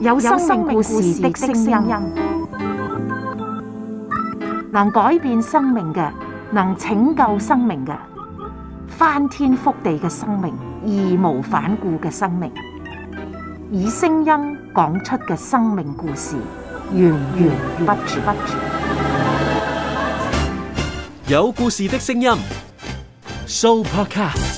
有生命故事的聲音，能改變生命嘅，能拯救生命嘅，翻天覆地嘅生命，義無反顧嘅生命，以聲音講出嘅生命故事，源源不絕。有故事的聲音，Soupercast。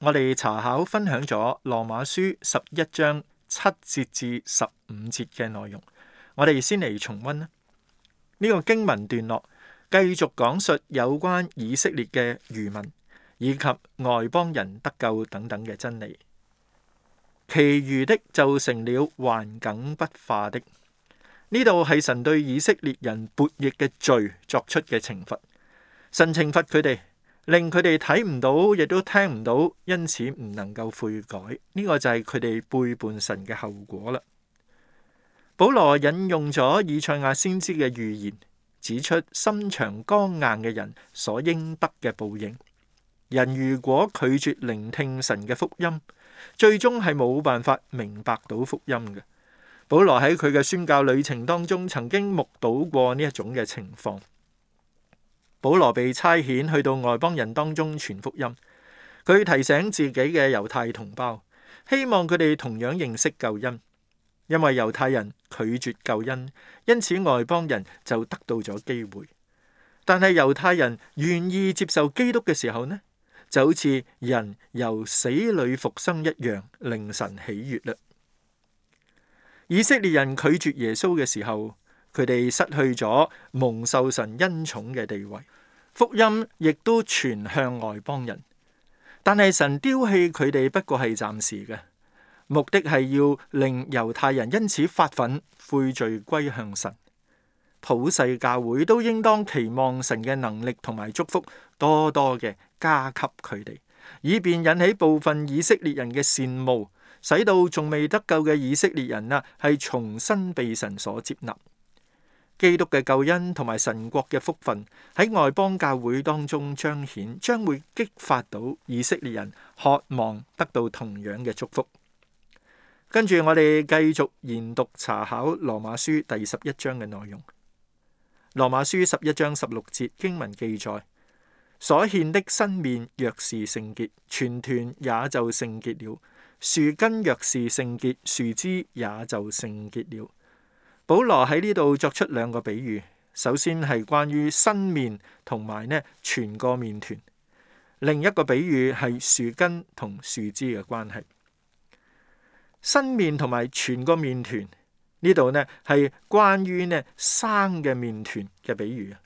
我哋查考分享咗羅馬書十一章七節至十五節嘅內容，我哋先嚟重溫呢、這個經文段落，繼續講述有關以色列嘅餘民以及外邦人得救等等嘅真理。其餘的就成了頑梗不化的。呢度係神對以色列人悖逆嘅罪作出嘅懲罰，神懲罰佢哋。令佢哋睇唔到，亦都聽唔到，因此唔能夠悔改。呢、這個就係佢哋背叛神嘅後果啦。保羅引用咗以賽亞先知嘅預言，指出心腸剛硬嘅人所應得嘅報應。人如果拒絕聆聽神嘅福音，最終係冇辦法明白到福音嘅。保羅喺佢嘅宣教旅程當中，曾經目睹過呢一種嘅情況。保羅被差遣去到外邦人當中傳福音，佢提醒自己嘅猶太同胞，希望佢哋同樣認識救恩，因為猶太人拒絕救恩，因此外邦人就得到咗機會。但係猶太人願意接受基督嘅時候呢，就好似人由死裏復生一樣，令神喜悦嘞。以色列人拒絕耶穌嘅時候。佢哋失去咗蒙受神恩寵嘅地位，福音亦都全向外邦人。但係神丟棄佢哋，不過係暫時嘅，目的係要令猶太人因此發憤悔罪，歸向神。普世教會都應當期望神嘅能力同埋祝福多多嘅加給佢哋，以便引起部分以色列人嘅羨慕，使到仲未得救嘅以色列人啊，係重新被神所接納。基督嘅救恩同埋神國嘅福分喺外邦教會當中彰顯，將會激發到以色列人渴望得到同樣嘅祝福。跟住我哋繼續研讀查考羅馬書第十一章嘅內容。羅馬書十一章十六節經文記載：所獻的新麵若是聖潔，全團也就聖潔了；樹根若是聖潔，樹枝也就聖潔了。保羅喺呢度作出兩個比喻，首先係關於新麵同埋呢全個麵團。另一個比喻係樹根同樹枝嘅關係。新麵同埋全個麵團。呢度呢係關於呢生嘅麵團嘅比喻啊。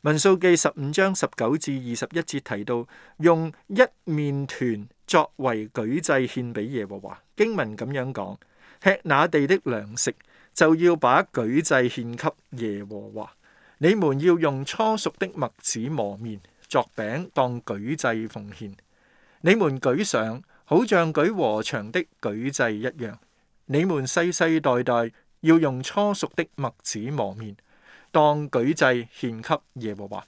民數記十五章十九至二十一節提到，用一麵團作為舉祭獻俾耶和華。經文咁樣講，吃那地的糧食。就要把舉祭獻給耶和華，你們要用初熟的麥子磨麵作餅當舉祭奉獻。你們舉上，好像舉禾場的舉祭一樣。你們世世代代要用初熟的麥子磨麵當舉祭獻給耶和華。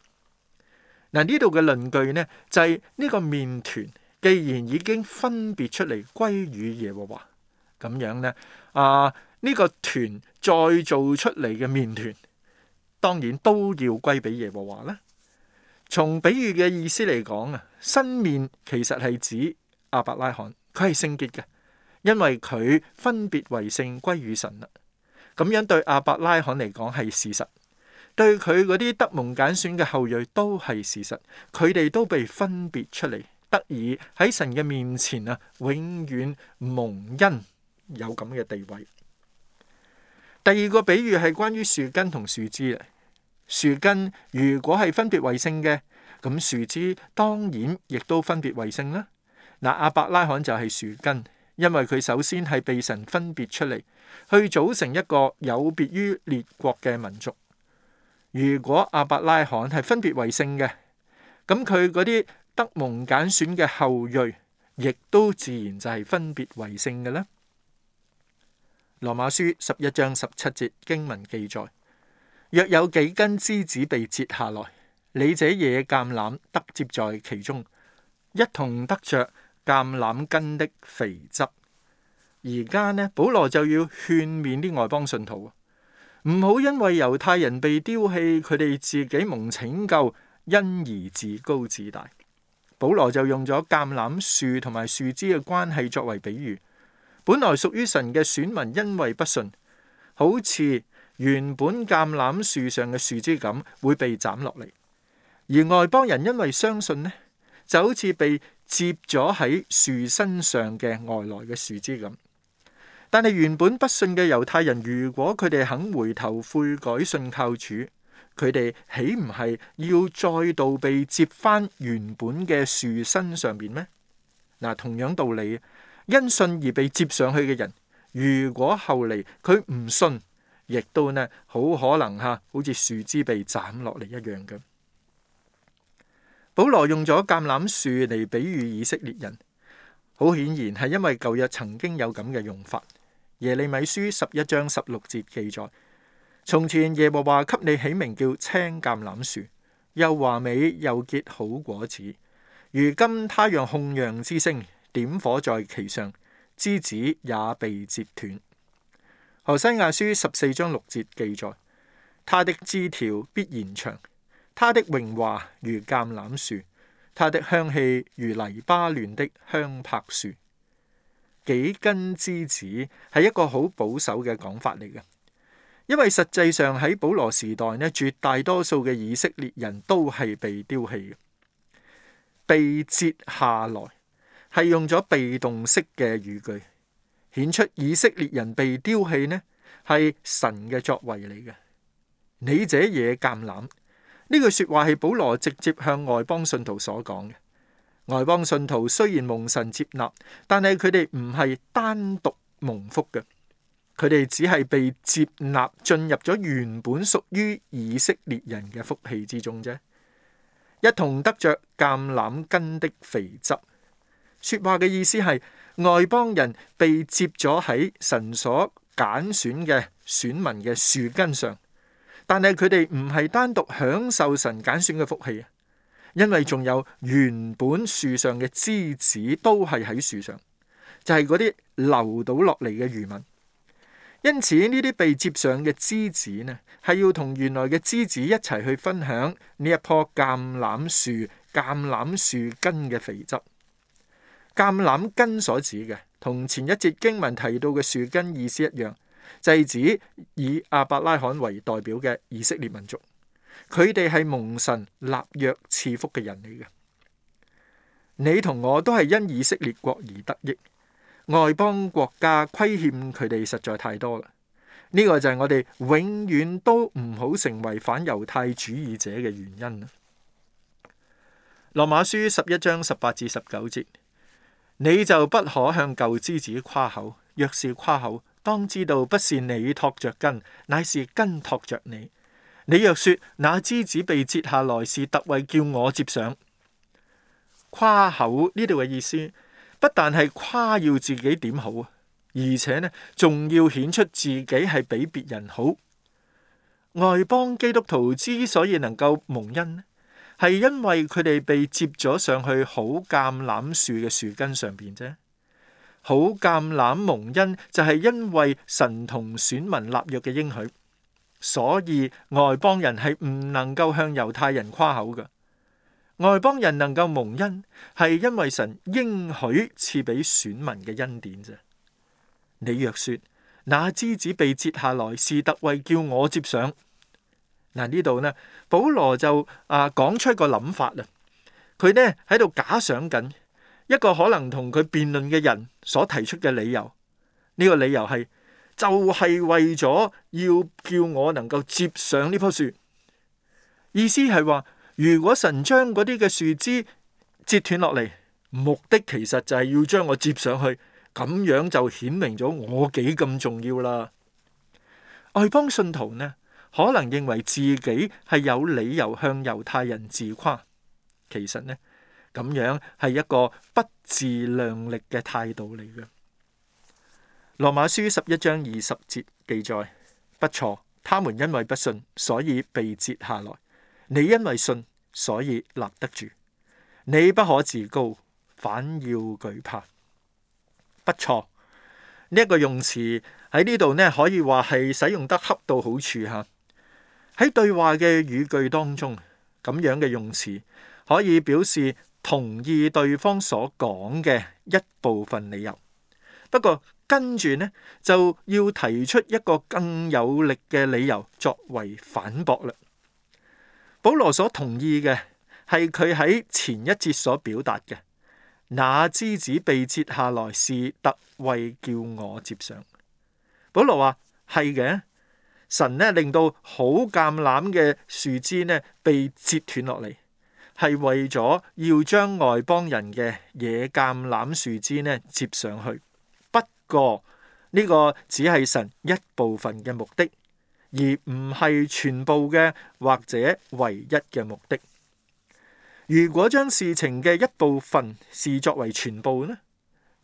嗱、嗯，呢度嘅論據呢，就係、是、呢個麵團既然已經分別出嚟歸與耶和華，咁樣呢？啊？呢個團再做出嚟嘅麵團，當然都要歸俾耶和華啦。從比喻嘅意思嚟講啊，新麵其實係指亞伯拉罕，佢係聖潔嘅，因為佢分別為聖歸於神啦。咁樣對亞伯拉罕嚟講係事實，對佢嗰啲得蒙揀選嘅後裔都係事實，佢哋都被分別出嚟，得以喺神嘅面前啊，永遠蒙恩有咁嘅地位。第二個比喻係關於樹根同樹枝啊。樹根如果係分別為聖嘅，咁樹枝當然亦都分別為聖啦。嗱，阿伯拉罕就係樹根，因為佢首先係被神分別出嚟，去組成一個有別於列國嘅民族。如果阿伯拉罕係分別為聖嘅，咁佢嗰啲得蒙揀選嘅後裔，亦都自然就係分別為聖嘅啦。羅馬書十一章十七節經文記載：若有幾根枝子被折下來，你這野橄欖得接在其中，一同得着橄欖根的肥汁。而家呢，保羅就要勸勉啲外邦信徒唔好因為猶太人被丟棄，佢哋自己蒙拯救，因而自高自大。保羅就用咗橄欖樹同埋樹枝嘅關係作為比喻。本來屬於神嘅選民，因為不信，好似原本橄欖樹上嘅樹枝咁，會被斬落嚟；而外邦人因為相信咧，就好似被接咗喺樹身上嘅外來嘅樹枝咁。但係原本不信嘅猶太人，如果佢哋肯回頭悔改信靠主，佢哋豈唔係要再度被接翻原本嘅樹身上邊咩？嗱，同樣道理。因信而被接上去嘅人，如果後嚟佢唔信，亦都呢好可能吓，好似樹枝被斬落嚟一樣嘅。保羅用咗橄欖樹嚟比喻以色列人，好顯然係因為舊約曾經有咁嘅用法。耶利米書十一章十六節記載：從前耶和華給你起名叫青橄欖樹，又華美又結好果子，如今他讓控羊之聲。」點火在其上，枝子也被截斷。何西阿書十四章六節記載，他的枝條必延長，他的榮華如橄欖樹，他的香氣如黎巴嫩的香柏樹。幾根枝子係一個好保守嘅講法嚟嘅，因為實際上喺保羅時代呢，絕大多數嘅以色列人都係被丟棄嘅，被截下來。係用咗被動式嘅語句，顯出以色列人被丟棄呢，係神嘅作為嚟嘅。你者這野橄欖呢句說話係保羅直接向外邦信徒所講嘅。外邦信徒雖然蒙神接納，但係佢哋唔係單獨蒙福嘅，佢哋只係被接納進入咗原本屬於以色列人嘅福氣之中啫，一同得着橄欖根的肥汁。說話嘅意思係外邦人被接咗喺神所揀選嘅選民嘅樹根上，但係佢哋唔係單獨享受神揀選嘅福氣，因為仲有原本樹上嘅枝子都係喺樹上，就係嗰啲留到落嚟嘅餘民。因此呢啲被接上嘅枝子呢，係要同原來嘅枝子一齊去分享呢一棵橄欖樹、橄欖樹根嘅肥汁。橄欖根所指嘅，同前一節經文提到嘅樹根意思一樣，就係指以亞伯拉罕為代表嘅以色列民族，佢哋係蒙神立約賜福嘅人嚟嘅。你同我都係因以色列國而得益，外邦國家虧欠佢哋實在太多啦。呢個就係我哋永遠都唔好成為反猶太主義者嘅原因啦。羅馬書十一章十八至十九節。你就不可向舊枝子誇口，若是誇口，當知道不是你托着根，乃是根托着你。你若說那枝子被折下來，是特為叫我接上。誇口呢度嘅意思，不但係誇耀自己點好，而且呢仲要顯出自己係比別人好。外邦基督徒之所以能夠蒙恩係因為佢哋被接咗上去好橄欖樹嘅樹根上邊啫。好橄欖蒙恩，就係因為神同選民立約嘅應許，所以外邦人係唔能夠向猶太人誇口㗎。外邦人能夠蒙恩，係因為神應許賜俾選民嘅恩典啫。你若説那枝子被接下來，是特為叫我接上。嗱，呢度呢，保羅就啊講出個諗法啦，佢呢喺度假想緊一個可能同佢辯論嘅人所提出嘅理由，呢個理由係就係為咗要叫我能夠接上呢棵樹，意思係話如果神將嗰啲嘅樹枝截斷落嚟，目的其實就係要將我接上去，咁樣就顯明咗我幾咁重要啦。外邦信徒呢？可能認為自己係有理由向猶太人自誇，其實呢咁樣係一個不自量力嘅態度嚟嘅。羅馬書十一章二十節記載：不錯，他們因為不信，所以被折下來；你因為信，所以立得住。你不可自高，反要懼怕。不錯，呢一個用詞喺呢度呢，可以話係使用得恰到好處吓。喺對話嘅語句當中，咁樣嘅用詞可以表示同意對方所講嘅一部分理由，不過跟住呢，就要提出一個更有力嘅理由作為反駁嘞。保羅所同意嘅係佢喺前一節所表達嘅，那枝子被折下來是特為叫我接上。保羅話：係嘅。神咧令到好橄欖嘅樹枝咧被截斷落嚟，係為咗要將外邦人嘅野橄欖樹枝咧接上去。不過呢、呢個只係神一部分嘅目的，而唔係全部嘅或者唯一嘅目的。如果將事情嘅一部分視作為全部咧，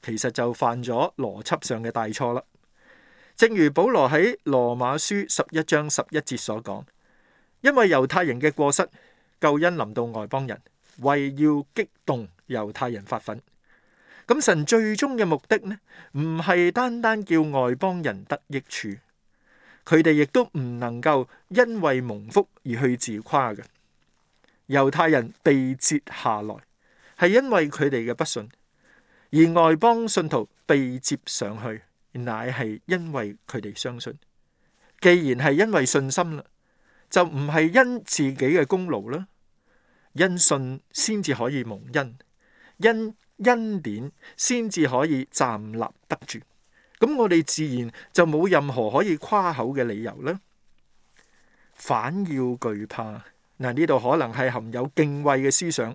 其實就犯咗邏輯上嘅大錯啦。正如保羅喺羅馬書十一章十一節所講，因為猶太人嘅過失，救恩臨到外邦人，為要激動猶太人發憤。咁神最終嘅目的呢，唔係單單叫外邦人得益處，佢哋亦都唔能夠因為蒙福而去自誇嘅。猶太人被接下來，係因為佢哋嘅不信，而外邦信徒被接上去。乃係因為佢哋相信，既然係因為信心啦，就唔係因自己嘅功勞啦，因信先至可以蒙恩，因恩典先至可以站立得住。咁我哋自然就冇任何可以誇口嘅理由啦，反要懼怕。嗱，呢度可能係含有敬畏嘅思想，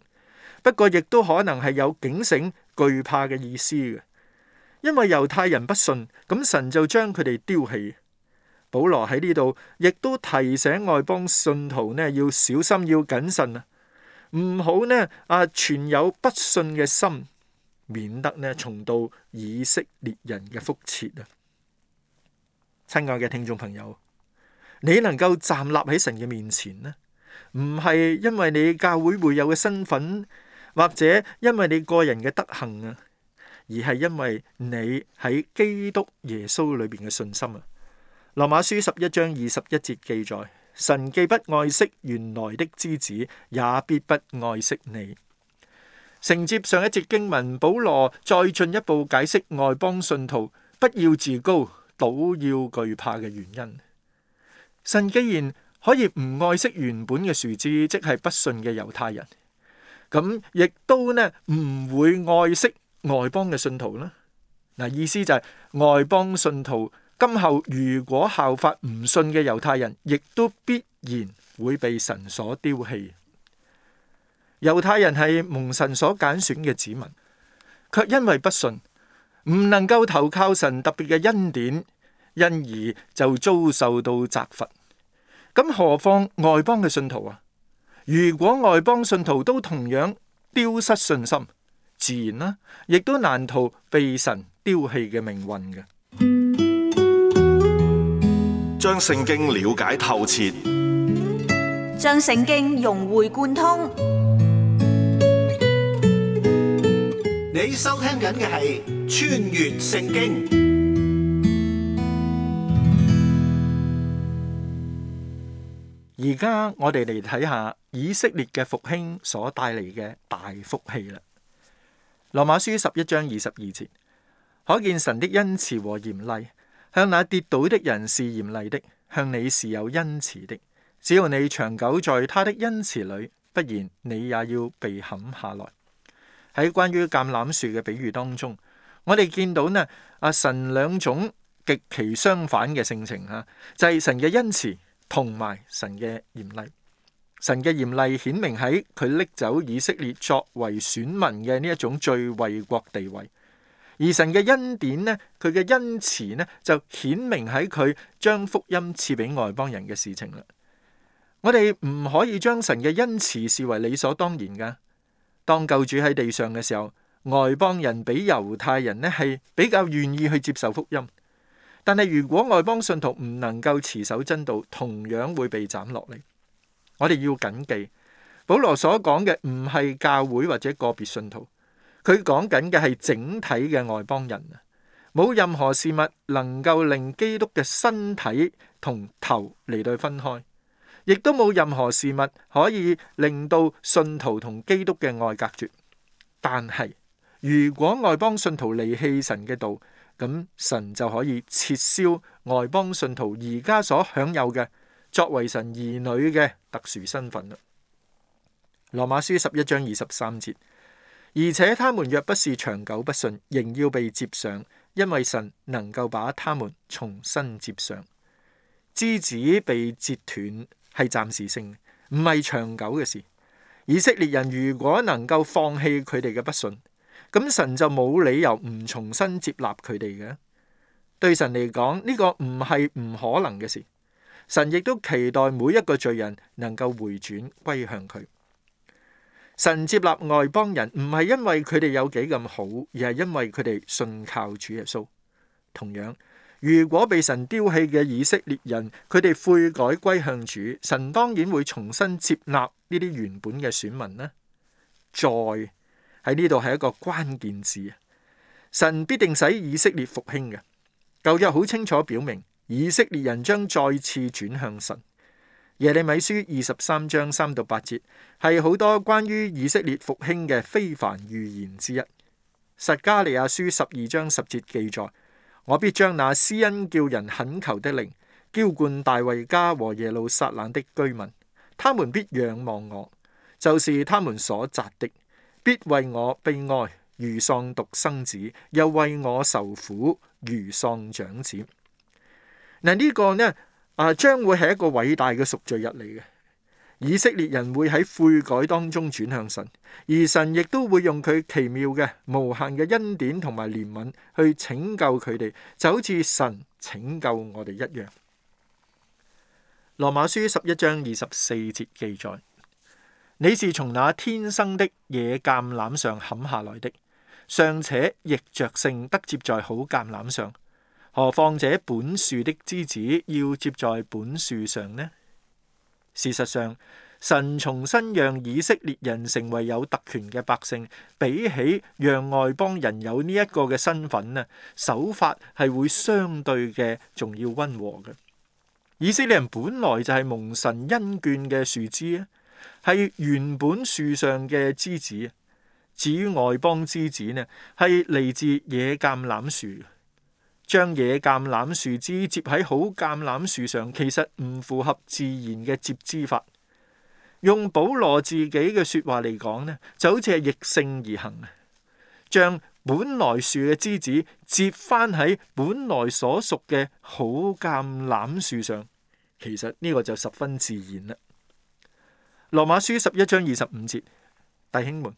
不過亦都可能係有警醒、懼怕嘅意思嘅。因為猶太人不信，咁神就將佢哋丟棄。保羅喺呢度亦都提醒外邦信徒呢，要小心要謹慎啊，唔好呢啊存有不信嘅心，免得呢重蹈以色列人嘅覆轍啊！親愛嘅聽眾朋友，你能夠站立喺神嘅面前呢，唔係因為你教會會友嘅身份，或者因為你個人嘅德行啊。而係因為你喺基督耶穌裏邊嘅信心啊，《羅馬書十一章二十一節》記載：神既不愛惜原來的枝子，也必不愛惜你。承接上一節經文，保羅再進一步解釋外邦信徒不要自高、倒要懼怕嘅原因。神既然可以唔愛惜原本嘅樹枝，即係不信嘅猶太人，咁亦都呢唔會愛惜。外邦嘅信徒呢，嗱，意思就係、是、外邦信徒今後如果效法唔信嘅猶太人，亦都必然會被神所丟棄。猶太人係蒙神所揀選嘅子民，卻因為不信，唔能夠投靠神特別嘅恩典，因而就遭受到責罰。咁何況外邦嘅信徒啊？如果外邦信徒都同樣丟失信心，自然啦，啊，亦都難逃被神丟棄嘅命運嘅。將聖經了解透徹，嗯，將聖經融會貫通。你收聽緊嘅係《穿越聖經》。而家我哋嚟睇下以色列嘅復興所帶嚟嘅大福氣啦。羅馬書十一章二十二節，可見神的恩慈和嚴厲，向那跌倒的人是嚴厲的，向你是有恩慈的。只要你長久在他的恩慈裏，不然你也要被砍下來。喺關於橄欖樹嘅比喻當中，我哋見到呢阿神兩種極其相反嘅性情吓，就係、是、神嘅恩慈同埋神嘅嚴厲。神嘅嚴厲顯明喺佢拎走以色列作為選民嘅呢一種最惠國地位，而神嘅恩典呢，佢嘅恩慈呢，就顯明喺佢將福音賜俾外邦人嘅事情啦。我哋唔可以將神嘅恩慈視為理所當然噶。當救主喺地上嘅時候，外邦人比猶太人呢係比較願意去接受福音，但係如果外邦信徒唔能夠持守真道，同樣會被斬落嚟。我哋要謹記，保羅所講嘅唔係教會或者個別信徒，佢講緊嘅係整體嘅外邦人。冇任何事物能夠令基督嘅身體同頭離對分開，亦都冇任何事物可以令到信徒同基督嘅愛隔絕。但係，如果外邦信徒離棄神嘅道，咁神就可以撤銷外邦信徒而家所享有嘅作為神兒女嘅特殊身份啦，《羅馬書》十一章二十三節，而且他們若不是長久不信，仍要被接上，因為神能夠把他們重新接上。枝子被折斷係暫時性，唔係長久嘅事。以色列人如果能夠放棄佢哋嘅不信，咁神就冇理由唔重新接納佢哋嘅。對神嚟講，呢、這個唔係唔可能嘅事。神亦都期待每一個罪人能夠回轉歸向佢。神接納外邦人唔係因為佢哋有幾咁好，而係因為佢哋信靠主耶穌。同樣，如果被神丟棄嘅以色列人，佢哋悔改歸向主，神當然會重新接納呢啲原本嘅選民呢。在喺呢度係一個關鍵字，神必定使以色列復興嘅。舊約好清楚表明。以色列人將再次轉向神。耶利米書二十三章三到八節係好多關於以色列復興嘅非凡預言之一。撒加利亞書十二章十節記載：我必將那施恩叫人懇求的靈澆灌大衛家和耶路撒冷的居民，他們必仰望我，就是他們所扎的，必為我悲哀如喪獨生子，又為我受苦如喪長子。嗱，呢個呢，啊，將會係一個偉大嘅贖罪日嚟嘅。以色列人會喺悔改當中轉向神，而神亦都會用佢奇妙嘅無限嘅恩典同埋憐憫去拯救佢哋，就好似神拯救我哋一樣。羅馬書十一章二十四節記載：你是從那天生的野橄欖上砍下來的，尚且逆着性得接在好橄欖上。何況這本樹的枝子要接在本樹上呢？事實上，神重新讓以色列人成為有特權嘅百姓，比起讓外邦人有呢一個嘅身份呢，手法係會相對嘅，仲要溫和嘅。以色列人本來就係蒙神恩眷嘅樹枝啊，係原本樹上嘅枝子。至於外邦枝子呢，係嚟自野橄欖樹。將野橄欖樹枝接喺好橄欖樹上，其實唔符合自然嘅接枝法。用保羅自己嘅說話嚟講呢，就好似係逆性而行，將本來樹嘅枝子接翻喺本來所屬嘅好橄欖樹上，其實呢個就十分自然啦。羅馬書十一章二十五節，弟兄們，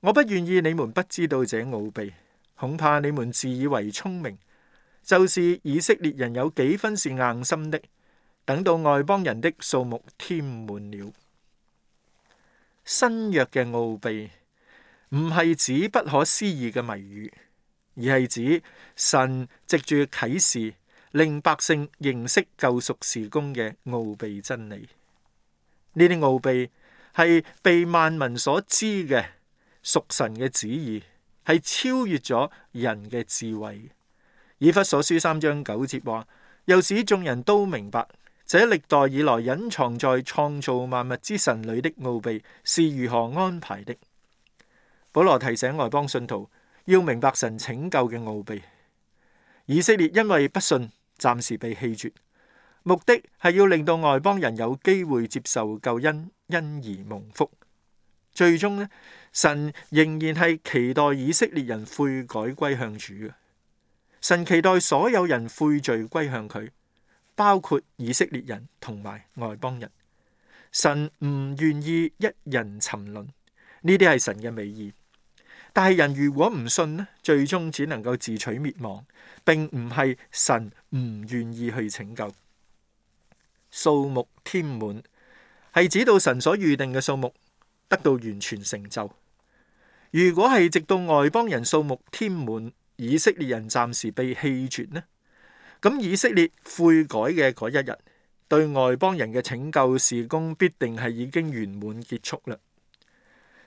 我不願意你們不知道這奧秘，恐怕你們自以為聰明。就是以色列人有幾分是硬心的，等到外邦人的數目添滿了，新約嘅奧秘唔係指不可思議嘅謎語，而係指神藉住啟示令百姓認識救贖時工嘅奧秘真理。呢啲奧秘係被萬民所知嘅屬神嘅旨意，係超越咗人嘅智慧。以弗所書三章九節話，又使眾人都明白，這歷代以來隱藏在創造萬物之神裏的奧秘是如何安排的。保羅提醒外邦信徒要明白神拯救嘅奧秘。以色列因為不信，暫時被棄絕，目的係要令到外邦人有機會接受救恩，因而蒙福。最終呢，神仍然係期待以色列人悔改歸向主。神期待所有人悔罪歸向佢，包括以色列人同埋外邦人。神唔願意一人沉淪，呢啲係神嘅美意。但係人如果唔信呢，最終只能夠自取滅亡，並唔係神唔願意去拯救。數目添滿係指到神所預定嘅數目得到完全成就。如果係直到外邦人數目添滿。以色列人暫時被棄絕呢，咁以色列悔改嘅嗰一日，對外邦人嘅拯救事工必定係已經圓滿結束啦。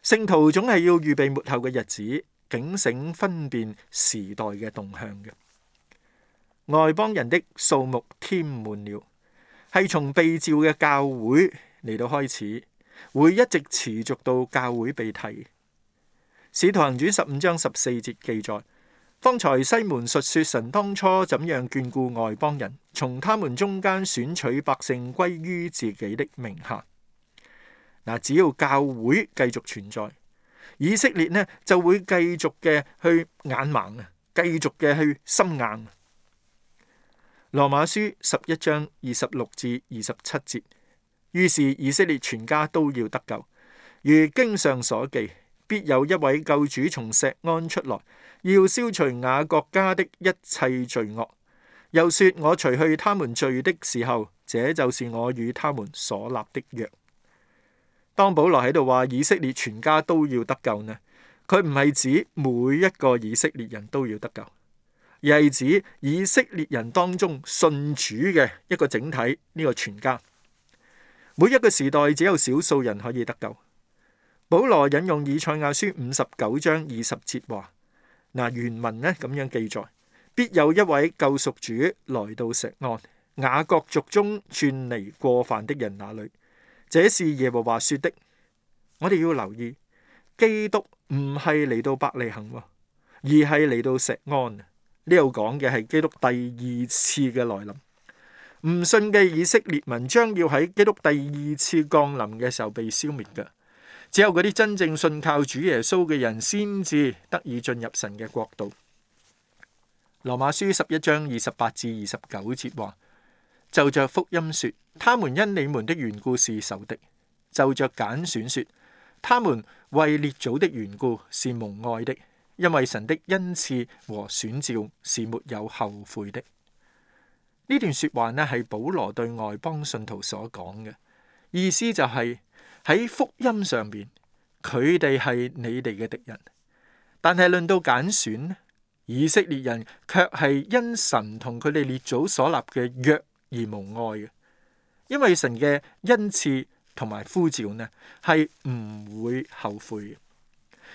聖徒總係要預備末後嘅日子，警醒分辨時代嘅動向嘅外邦人的數目添滿了，係從被召嘅教會嚟到開始，會一直持續到教會被提。使徒行傳十五章十四節記載。方才西門述說神當初怎樣眷顧外邦人，從他們中間選取百姓歸於自己的名下。嗱，只要教會繼續存在，以色列呢就會繼續嘅去眼盲啊，繼續嘅去心硬。羅馬書十一章二十六至二十七節，於是以色列全家都要得救，如經上所記。必有一位救主從錫安出來，要消除雅各家的一切罪惡。又說，我除去他們罪的時候，這就是我與他們所立的約。當保羅喺度話以色列全家都要得救呢，佢唔係指每一個以色列人都要得救，而係指以色列人當中信主嘅一個整體呢，這個全家。每一個時代只有少數人可以得救。保羅引用以賽亞書五十九章二十節話：嗱，原文呢咁樣記載，必有一位救贖主來到石安雅各族中轉離過犯的人那裡。這是耶和華說的。我哋要留意，基督唔係嚟到伯利恒，而係嚟到石安。呢度講嘅係基督第二次嘅來臨。唔信嘅以色列民將要喺基督第二次降臨嘅時候被消滅嘅。只有嗰啲真正信靠主耶穌嘅人，先至得以進入神嘅國度。羅馬書十一章二十八至二十九節話，就着福音說，他們因你們的緣故是仇敵；就着揀選說，他們為列祖的緣故是蒙愛的。因為神的恩賜和選召是沒有後悔的。呢段說話呢，係保羅對外邦信徒所講嘅，意思就係、是。喺福音上邊，佢哋係你哋嘅敵人，但係論到揀選，以色列人卻係因神同佢哋列祖所立嘅約而無礙嘅，因為神嘅恩賜同埋呼召呢，係唔會後悔嘅，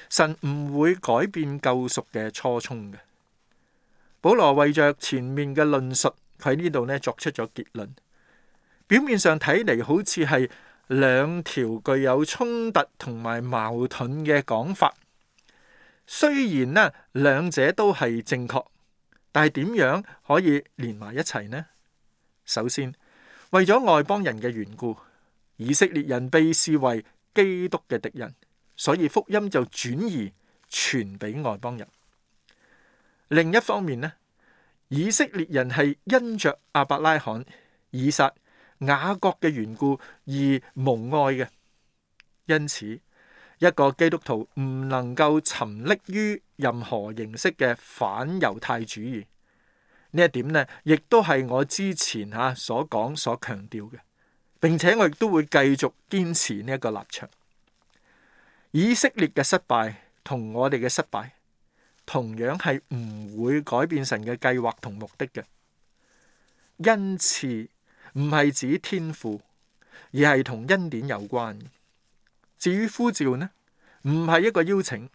神唔會改變救贖嘅初衷嘅。保羅為着前面嘅論述喺呢度呢，作出咗結論，表面上睇嚟，好似係。兩條具有衝突同埋矛盾嘅講法，雖然咧兩者都係正確，但係點樣可以連埋一齊呢？首先，為咗外邦人嘅緣故，以色列人被視為基督嘅敵人，所以福音就轉移傳俾外邦人。另一方面咧，以色列人係因着亞伯拉罕、以撒、雅各嘅緣故而蒙愛嘅，因此一個基督徒唔能夠沉溺於任何形式嘅反猶太主義呢一點呢，亦都係我之前吓所講所強調嘅，並且我亦都會繼續堅持呢一個立場。以色列嘅失敗同我哋嘅失敗同樣係唔會改變神嘅計劃同目的嘅，因此。唔係指天賦，而係同恩典有關。至於呼召呢，唔係一個邀請，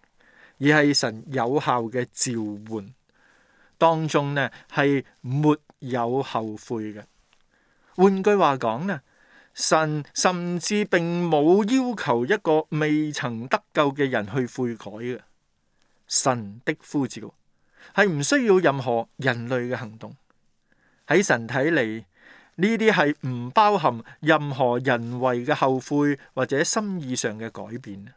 而係神有效嘅召喚，當中呢，係沒有後悔嘅。換句話講呢，神甚至並冇要求一個未曾得救嘅人去悔改嘅。神的呼召係唔需要任何人類嘅行動喺神睇嚟。呢啲係唔包含任何人為嘅後悔或者心意上嘅改變。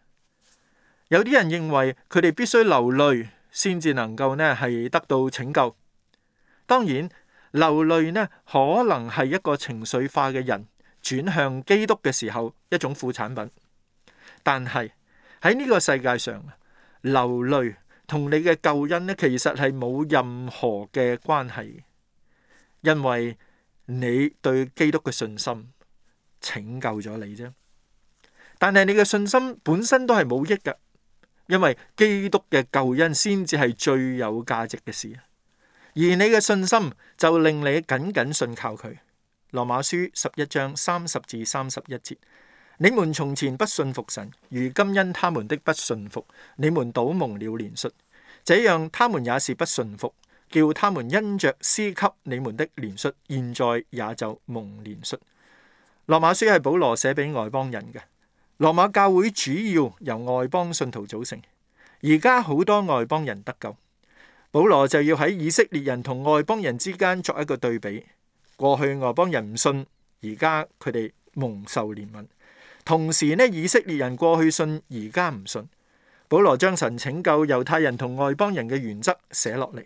有啲人認為佢哋必須流淚先至能夠咧係得到拯救。當然，流淚咧可能係一個情緒化嘅人轉向基督嘅時候一種副產品。但係喺呢個世界上，流淚同你嘅救恩咧其實係冇任何嘅關係，因為，你對基督嘅信心拯救咗你啫，但係你嘅信心本身都係冇益噶，因為基督嘅救恩先至係最有價值嘅事，而你嘅信心就令你僅僅信靠佢。羅馬書十一章三十至三十一節：你們從前不信服神，如今因他們的不信服，你們倒蒙了憐恤。」這樣他們也是不信服。叫他們因着施給你們的憐恤，現在也就蒙憐恤。羅馬書係保羅寫俾外邦人嘅。羅馬教會主要由外邦信徒組成。而家好多外邦人得救，保羅就要喺以色列人同外邦人之間作一個對比。過去外邦人唔信，而家佢哋蒙受憐憫。同時呢，以色列人過去信，而家唔信。保羅將神拯救猶太人同外邦人嘅原則寫落嚟。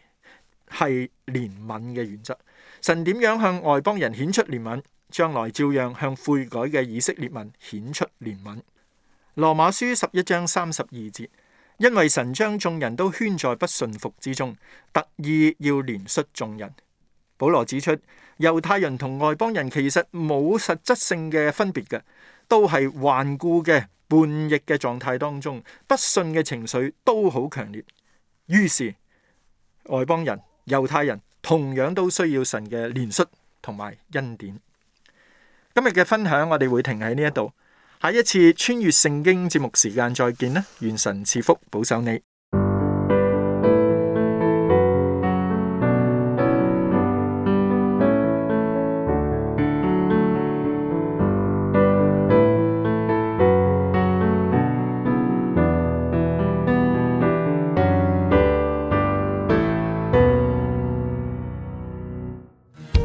係憐憫嘅原則。神點樣向外邦人顯出憐憫，將來照樣向悔改嘅以色列民顯出憐憫。羅馬書十一章三十二節，因為神將眾人都圈在不順服之中，特意要憐恤眾人。保羅指出，猶太人同外邦人其實冇實質性嘅分別嘅，都係頑固嘅叛逆嘅狀態當中，不信嘅情緒都好強烈。於是外邦人。猶太人同樣都需要神嘅憐恤同埋恩典。今日嘅分享我哋會停喺呢一度，下一次穿越聖經節目時間再見啦！願神賜福保守你。